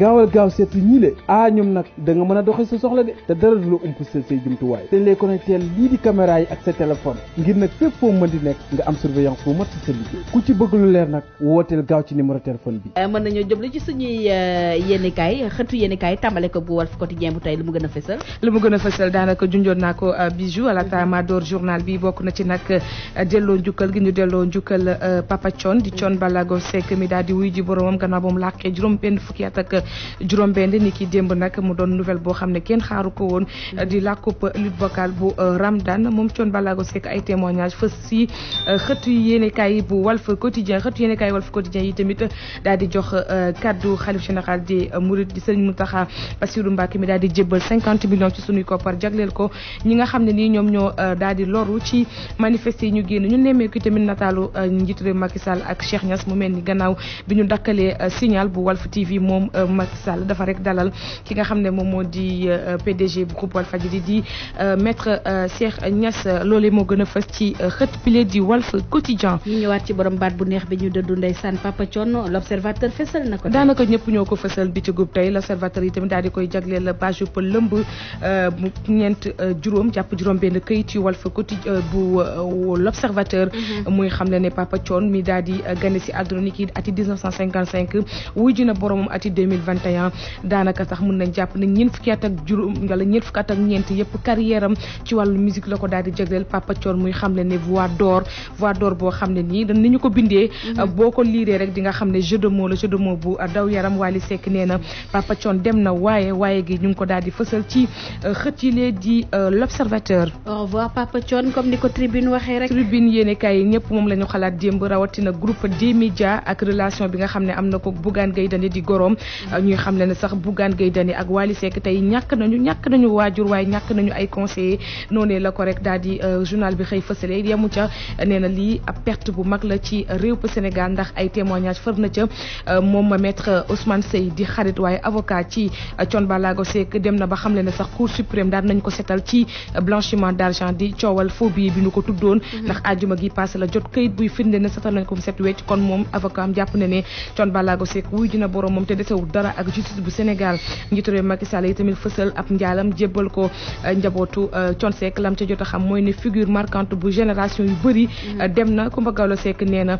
gaawal gaaw seet si ñii le ah ñoom nag da nga mën a doxee sa soxla de te dara du la umpaseel say jumtuwaay dañ lay connecté lii di caméra yi ak sa téléphone ngir nag fépp foo mën di nekk nga am surveillance ci bëgg lu leer nag wooteel gaaw ci numéro téléphone bi euh, mën nañoo jëble ci suñuy euh, yéenekaay ko bu Walf Quotidien bu tey lu mu gën a fësal lu mu gën a fësal daanaka junjoon naa ko euh, bijou alaata mm-hmm. ma door journal bi bokk na ci nag delloo njukkal gi ñu delloo njukkal Papa Thione di Thione Ballago Seck mi daal di wuy ji boromam gannaaw ba mu làqee juróom benn fukki at ak ak juróom benn ni ki démb nag mu doon nouvelle boo xam ne kenn xaaru ko woon di làkkub lutte vocale bu euh, Ramdan moom Thione Ballago Seck ay témoignage fës si euh, xëtu yéenekaay bu Walf Quotidien xëtu yéenekaay Walf Quotidien yi tamit daal di jox euh, kaddu xalif général di Mouride di Serigne Mountakha Bassirou Mbacké mi daal di jébbal cinquante millions ci sunuy koppar jagleel ko ñi nga xam ne nii ñoom ñoo daal di loru ci manifester yi ñu génn ñu nemmeeku tamit nataalu njiitu réew Macky Sall ak Cheikh Niass mu mel Macky Sall dafa rek dalal ki nga xam ne moom moo di euh, PDG bu groupe Walfadjri di euh, maître euh, Cheikh Niass loolee moo gën a fës ci xët pile di Walf Quotidien. ñu ñëwaat ci borom baat bu neex bi ñu dëddu ndeysaan Papa Thion l'observateur fësal na ko. daanaka ñëpp ñoo ko fësal bi ci groupe tey l'observateur yi tamit daal di koy jagleel page bu lëmb mu ñeent juróom jàpp juróom-benn këyit yu Walf Quotidien bu l'observateur. Mm-hmm. muy xamle ne Papa Thion mi daal di gane si àdduna 2021 daanaka sax mën nañ jàpp ne ñeent fukki at ak juróom wala ñeent fukki at ak ñeent yëpp carrière am ci wàllu musique la ko daal di jagleel Papa Thione muy xam ne ne voix d'or voix d'or boo xam ne nii dañ ni ñu ko bindee mm-hmm. euh, boo ko liiree rek di nga xam ne jeu de mots la euh, ñu ko daal di ci euh, xët yi di l'observateur au Papa Thione comme ni ko tribune waxee rek tribune yéene kaay yi moom la xalaat démb rawatina groupe des médias ak relation bi nga xam ne am na ko Bougane Gueye di goroom ñuy xam le ne sax Bougane Gueye Dany ak Wally Seck tey ñàkk nañu ñàkk nañu waajur waaye ñàkk nañu ay conseiller noonee la ko rek daal di euh, journal bi xëy fësale yemu ca nee na lii ab perte bu mag la ci réew bu Sénégal ndax ay témoignage fër na ca euh, moom ma maître euh, Ousmane Seye di xarit waaye avocat ci Thione Ballago Seck dem na ba xam le ne sax cour suprême daan nañ ko setal ci blanchiment d'argent di coowal phobie bi ñu ko tuddoon mm-hmm. ndax ajuma gi passé la jot kayit buy firnde ne setal nañ ko set wecc kon moom avocat am jàpp ne ne Thione Ballago Seck wuy dina boroom moom te desewul dara ak justice bu Sénégal njiitu réew Macky Sall yi tamit fësal ab njaalam jébbal ko euh, njabootu euh, Thione Seck lam ca jot a xam mooy ne figure marquante bu génération yu bëri mm. euh, dem na Coumba Gawlo Seck nee na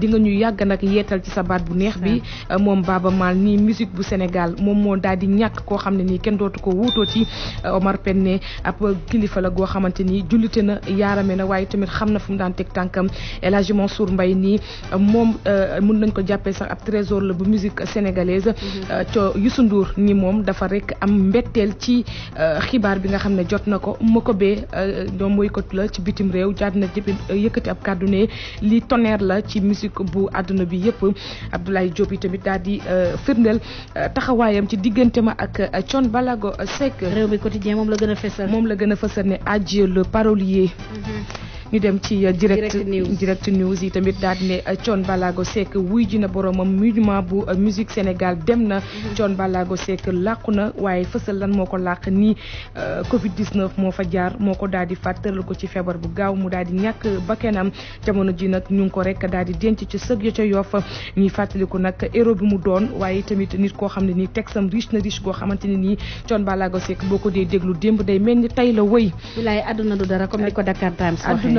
di nga ñu yàgg nag yetal ci sa baat bu neex bi moom Baba Maal ni musique bu Sénégal moom moo daal di ñàkk koo xam ne ni kenn dootu ko wuutoo ci Omar Pène ab kilifa la goo xamante ni jullite na yaarame na waaye tamit xam na fu mu daan teg tànkam El Hadji Mansour Mbaye moom mun nañ ko jàppee sax ab la bu musique co euh, Youssou Ndour ni moom dafa rekk am mbetteel ci euh, xibaar bi nga xam ne jot na ko ma ko bee euh, ñoom boycott la ci bitim réew jaar na yëkkati ab kàddune ne li tonnerre la ci musique bu àdduna bi yëpp Abdoulaye Diop yi tamit daal di firndeel taxawaayam ci diggante ma ak Thione Balago Seck. réew mi quotidien moom la gën a fësal. moom la gën a fësal ne adieu le parolier. Mm-hmm. ñu dem ci euh, direct direct news yi tamit daad di ne euh, Thione Ballago Seck wuy ji na boromam monument bu euh, musique Sénégal dem na mhm. Thione Ballago Seck làqu na waaye fësal lan moo ko làq nii Covid 19 moo fa jaar moo ko daal di faat tëral ko ci feebar bu gaaw mu daal di ñàkk bakkanam jamono ji nag ñu ngi ko rek daal di denc ci sëg yoo ca Yoff ñuy fàttaliku nag héros mu doon waaye tamit nit koo xam ne nii texam riche na riche goo xamante ne nii Thione Ballago Seck boo ko dee déglu démb day mel ni tey la wëy. wilaay àdduna du dara comme ni ko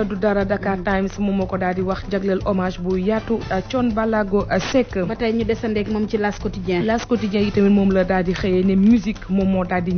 benn du dara Dakar Times moom moo ko daal di wax jagleel hommage bu yaatu Thione Ballago Seck. ba tey ñu desandeeg moom ci L'As Quotidien. L'As Quotidien la daal di ne musique moom moo daal di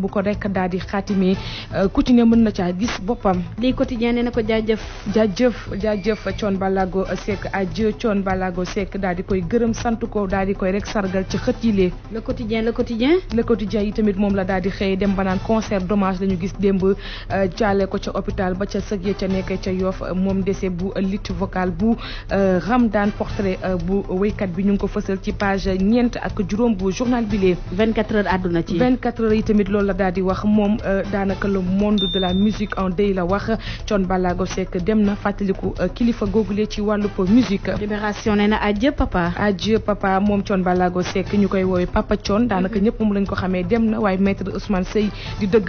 bu ko rek daal di xaatimee euh, ku ci ne mën na na ko jaajëf. jaajëf jaajëf Thione Ballago Seck adieu Thione Ballago Seck daal di koy gërëm sant ko daal di koy rek sargal ci xët yi Le Quotidien Le Quotidien. Le Quotidien yi tamit moom la daal di xëyee dem ba naan concert dommage la gis démb euh, jaale ko ca hôpital ba ca sëg ya ca nekk ca Yoff moom décès bu lutte vocale bu euh, daan portrait euh, bu wéykat bi ñu ngi ko fësal ci page ñeent ak juróom bu journal bi lee. 24 heures àdduna ci. 24 heures yi tamit loolu la daal di wax moom daanaka le monde de la musique en deuil la wax Thione Ballago Seck dem na fàttaliku kilifa googule ci wàllub musique. Libération nee na adieu papa. adieu papa moom Thione Ballago Seck ñu koy woowee papa Thione mm-hmm. daanaka ñëpp moom lañ ko xamee dem na waaye maître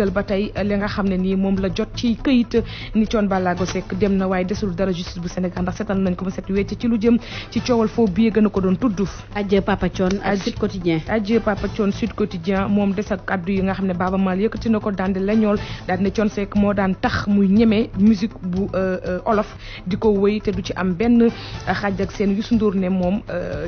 dëggal ba tey li nga xam ne nii moom la jot ci këyit ni Thione Ballago sekk dem na waaye desul dara justice bu Sénégal ndax seetal nañ ko ba set ci lu jëm ci coowal foo biyee gën ko doon tudd. Adieu Papa Thione ak Sud Quotidien. Adieu Papa Thione Sud Quotidien moom des ak kaddu yi nga xam ne Baba Maal yëkkati na ko daan di lañool daan ne Thione Seck moo daan tax muy ñeme musique bu euh, euh, olof di ko wéy te du ci am benn xaaj ak seen Youssou Ndour ne moom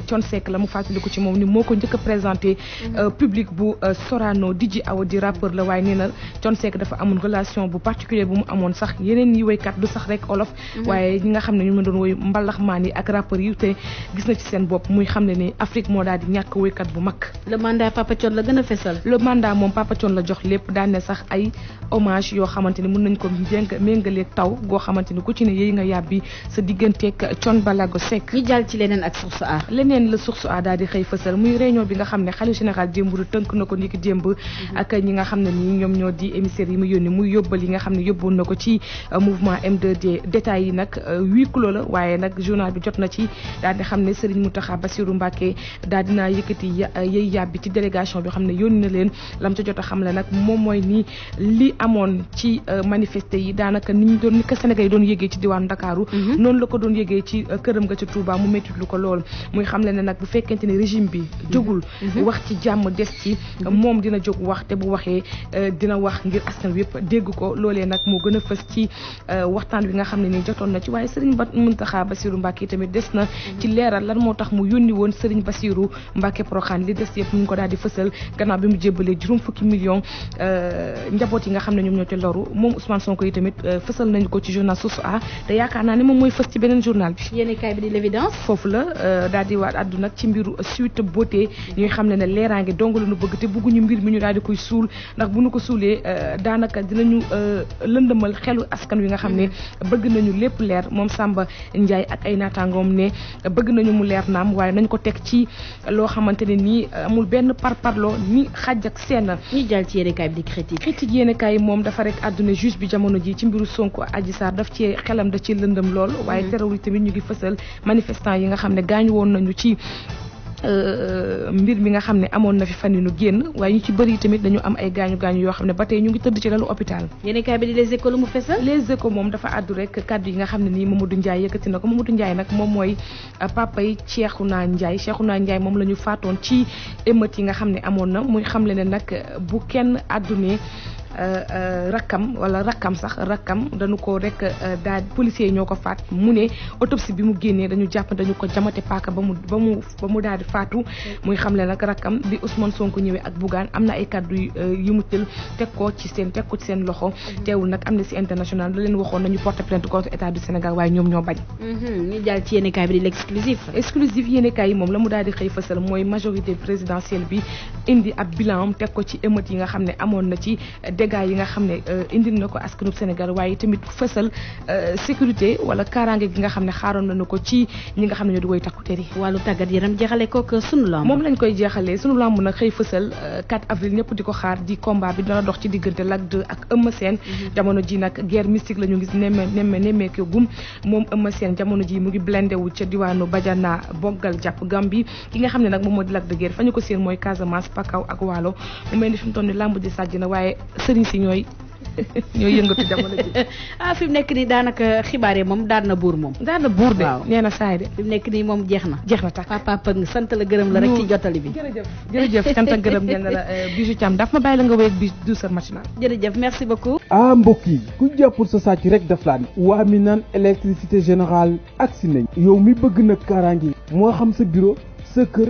Thione euh, Seck la mu fàttaliku ci moom ni moo ko njëkk a présenté mm-hmm. public bu Sorano DJ Awa di rappeur la waaye nee na Thione Seck dafa amoon relation bu particulier bu mu amoon sax yeneen yi woykat du sax rek olof mhm. waaye ñi nga xam ne ñu nga doon woy mbalax maan yi ak rappeurs yi te gis seen bopp muy xam ne ni Afrique moo daal di ñàkk woykat bu mag le mandat Papa Thione la gën a fesal le mandat moom Papa Thione la jox lépp daan ne sax ay hommage yoo xamante ni mën nañ ko jénga méngaleeg taw goo xamante ni ku ci ne nga yàbbi sa digganteeg Thione Ballago Seck ñu ci leneen ak source a leneen la source daal di xëy fësal muy réunion bi nga xam ne xalifa général démb tënk na ko niki démb mhm. ak ñi nga xam ne ni ñoom ñoo di émissaires yi mu yónni muy yóbbal yi nga xam ne yóbboon na ko ci euh, mouvement M2D détails yi nag euh, huis clos la waaye nag journal bi jot na ci daal di xam ne Serigne Mountakha Bassirou Mbacké daal dinaa yëkkati euh, yëy yàbbi ci délégation bi xam ne yónni leen lam ca jot a xam la nag moom mooy ni li amoon ci manifesté yi daanaka ni Sénégal yi doon yégee ci diwaanu Ndakaaru mhm. noonu la ko doon yégee ci këram nga ca Touba mu méttit lu ko lool muy xam le ne nag bu fekkente ne régime bi mhm. jógul mhm. wax ci a wax ngir askan wi yëpp dégg ko loolee nag moo gën fës ci euh, waxtaan wi nga xam ne ni jotoon na ci waaye Serigne Ba Mountakha Bassirou Mbacké tamit des na ci leeral lan moo tax mu yónni woon Serigne Bassirou Mbacké Porokhane li des yëpp ñu ko daal di fësal gannaaw bi mu jébbalee juróom fukki million euh, njaboot yi nga xam ne ñoom ñoo ci loru moom Ousmane Sonko yi tamit euh, fësal nañu ko ci journal Source A te yaakaar naa ne moom mooy fës ci beneen journal bi. yéen kay bi di l'évidence. foofu la daal di waat addu nag ci mbiru Sweet Beauté ñuy xam ne ne leeraange dong la ñu bëgg te bëgguñu mbir mi ñu daal di koy jëlee euh, daanaka dinañu euh, lëndëmal xelu askan wi nga xam ne mm-hmm. bëgg nañu lépp leer moom sàmba Ndiaye ak ay naataangoom ne bëgg nañu mu leer naam waaye nañ ko teg ci loo xamante ne nii euh, amul benn par par loo ni xaj ak seen. ñi jàll ci yéenekaay bi di critique. critique yéenekaay moom dafa rek àdduna juge bi jamono ji ci mbiru Sonko Adji Sarr daf ci xelam da ci lëndëm lool. waaye mm-hmm. terewul tamit ñu ngi fësal manifestant yi nga xam ne gaañu woon nañu ci. Euh, mbir mi nga xam ne amoon na fi fan nu génn waaye ñu ci bëri tamit dañu am ay gaañu gaañu yoo xam ne ba tey ñu ngi tëdd ci lalu hôpital yéen kaay bi di les écoles mu fesal les écoles moom dafa àddu rek kàddu yi nga xam ne nii Mamadou Ndiaye yëkkati na ko Mamadou Ndiaye nag moom mooy euh, papa yi ceexu naa njaay Ndiaye naa Ndiaye moom la ñu faatoon ci émeute yi nga xam ne amoon na muy xam le ne nag bu kenn àddunee Euh, euh, rakkam wala rakkam sax rakkam danu ko rek euh, daal policier ñoo ko faat mu ne autopsie bi mu génnee dañu jàpp dañu ko jamate paaka ba mu ba mu ba mu daal di faatu muy xamle nag rakkam bi Ousmane Sonko ñëwee ak Bougane am na ay kàddu yu mu tël teg ci seen teg ko ci seen loxo mhm. teewul nag Amnesty International da leen waxoon nañu porter plainte contre état du Sénégal waaye ñoom ñoo bañ mhm. ñu jàll ci yéenekaay bi di l'exclusif exclusif yéenekaay yi moom la mu daal di fësal mooy majorité présidentielle bi indi ab bilan teg ko ci émeute yi nga xam ne amoon na ci dégâts yi nga xam ne euh, indil na ko askanub Sénégal waaye tamit fësal euh, sécurité wala kaaraange gi nga xam ne xaaroon nañu ko ci ñi nga xam ne ñoo di woy takkuteer yi wàllu tàggat yaram jeexale ko ak sunu lamb moom lañ koy jeexalee sunu lamb nag xëy fësal 4 euh, avril ñëpp di ko xaar di combat bi dana dox ci diggante Lac 2 ak Eumeu Sène mm-hmm. jamono ji nag guerre mystique la ñu gis nemme nemme nemmeeke gum moom Eumeu Sène jamono ji mu ngi blende wu ca diwaanu Badiana boggal jàpp Gambie ki nga xam ne nag moom moo di Lac de Guiers fa ko séen mooy Casamance Pakao ak Waalo mu mel ni sëriñ si ñooy ñooy yëngatu jamono ji ah fi mu nekk nii daanaka xibaar yi moom daan na buur moom daan na buur de nee na saay de fi nekk nii moom jeex na jeex na takk papa pëng sant la gërëm la rek ci jottali bi jërëjëf jërëjëf sant ak gërëm ñen la euh, Bijou Thiam daf ma bàyyi la nga wéy bi douceur matinal jërëjëf merci beaucoup ah mbokk yi ku jàppul sa sàcc rek daf mi naan électricité générale agsi nañ yow mi bëgg nag kaaraange moo xam sa bureau sa kër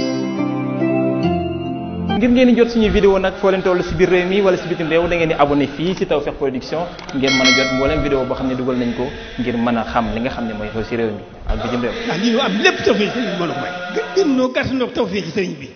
ngir ngeen di jot suñuy vidéo nag foo leen toll si biir réew mi wala si bitim réew da di abonné fii si Tawfekh Production ngeen mën a jot mboolem vidéo boo xam ne dugal nañ ko ngir mën a xam li nga xam ne mooy xew si réew mi ak bitim réew. ndax lii am may. gën noo gàtt noo Tawfekh sëriñ bi.